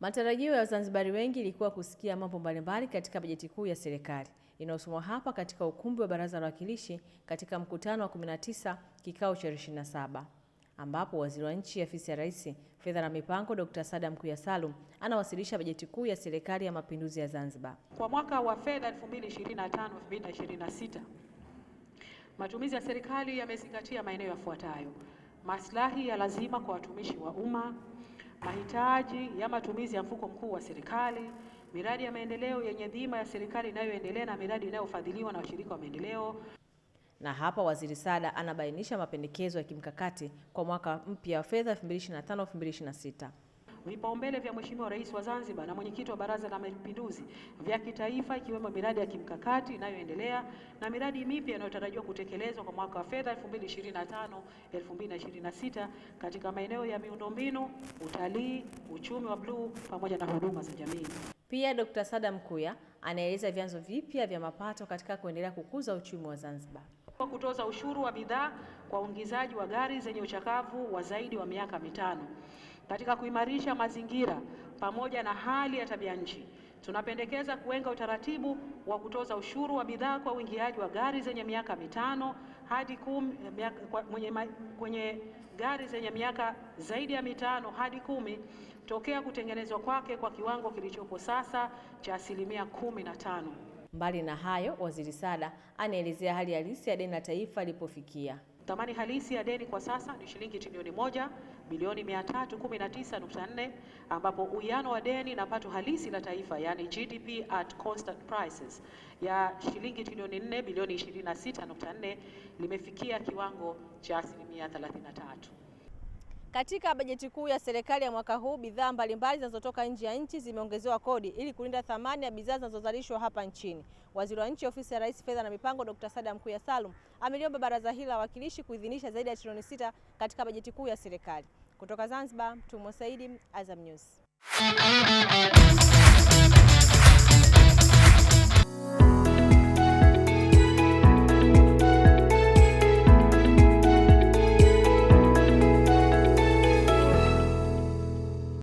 Matarajio ya Wazanzibari wengi ilikuwa kusikia mambo mbalimbali katika bajeti kuu ya serikali inayosomwa hapa katika ukumbi wa Baraza la Wawakilishi katika mkutano wa 19 kikao cha 27 ambapo Waziri wa Nchi, Ofisi ya Rais, Fedha na Mipango, Dr. Saada Mkuya Salum anawasilisha bajeti kuu ya Serikali ya Mapinduzi ya Zanzibar kwa mwaka wa fedha 2025/2026. Matumizi ya serikali yamezingatia maeneo yafuatayo: maslahi ya lazima kwa watumishi wa umma mahitaji ya matumizi ya mfuko mkuu wa serikali, miradi ya maendeleo yenye dhima ya serikali inayoendelea na miradi inayofadhiliwa na washirika wa maendeleo. Na hapa Waziri Saada anabainisha mapendekezo ya kimkakati kwa mwaka mpya wa fedha 2025/2026. Vipaumbele vya Mheshimiwa Rais wa Zanzibar na mwenyekiti wa Baraza la Mapinduzi vya kitaifa ikiwemo miradi ya kimkakati inayoendelea na miradi mipya inayotarajiwa kutekelezwa kwa mwaka wa fedha 2025 2026 katika maeneo ya miundombinu, utalii, uchumi wa bluu pamoja na huduma za jamii. Pia Dr. Sada Mkuya anaeleza vyanzo vipya vya mapato katika kuendelea kukuza uchumi wa Zanzibar kwa kutoza ushuru wa bidhaa kwa uingizaji wa gari zenye uchakavu wa zaidi wa miaka mitano katika kuimarisha mazingira pamoja na hali ya tabia nchi. Tunapendekeza kuenga utaratibu wa kutoza ushuru wa bidhaa kwa uingiaji wa gari zenye miaka mitano hadi kumi, eh, kwenye, kwenye gari zenye miaka zaidi ya mitano hadi kumi tokea kutengenezwa kwake kwa kiwango kilichopo sasa cha asilimia kumi na tano. Mbali na hayo, Waziri Sada anaelezea hali halisi ya deni la taifa lipofikia. Thamani halisi ya deni kwa sasa ni shilingi trilioni moja bilioni 319.4 ambapo uwiano wa deni na pato halisi la taifa yani GDP at constant prices ya shilingi trilioni 4 bilioni 26.4 limefikia kiwango cha asilimia 33. Katika bajeti kuu ya serikali ya mwaka huu, bidhaa mbalimbali zinazotoka nje ya nchi zimeongezewa kodi ili kulinda thamani ya bidhaa zinazozalishwa hapa nchini. Waziri wa Nchi, Ofisi ya Rais, Fedha na Mipango, Dr. Saada Mkuya Salum ameliomba baraza hili la wawakilishi kuidhinisha zaidi ya trilioni sita katika bajeti kuu ya serikali. Kutoka Zanzibar, Mtumwa Saidi, Azam News.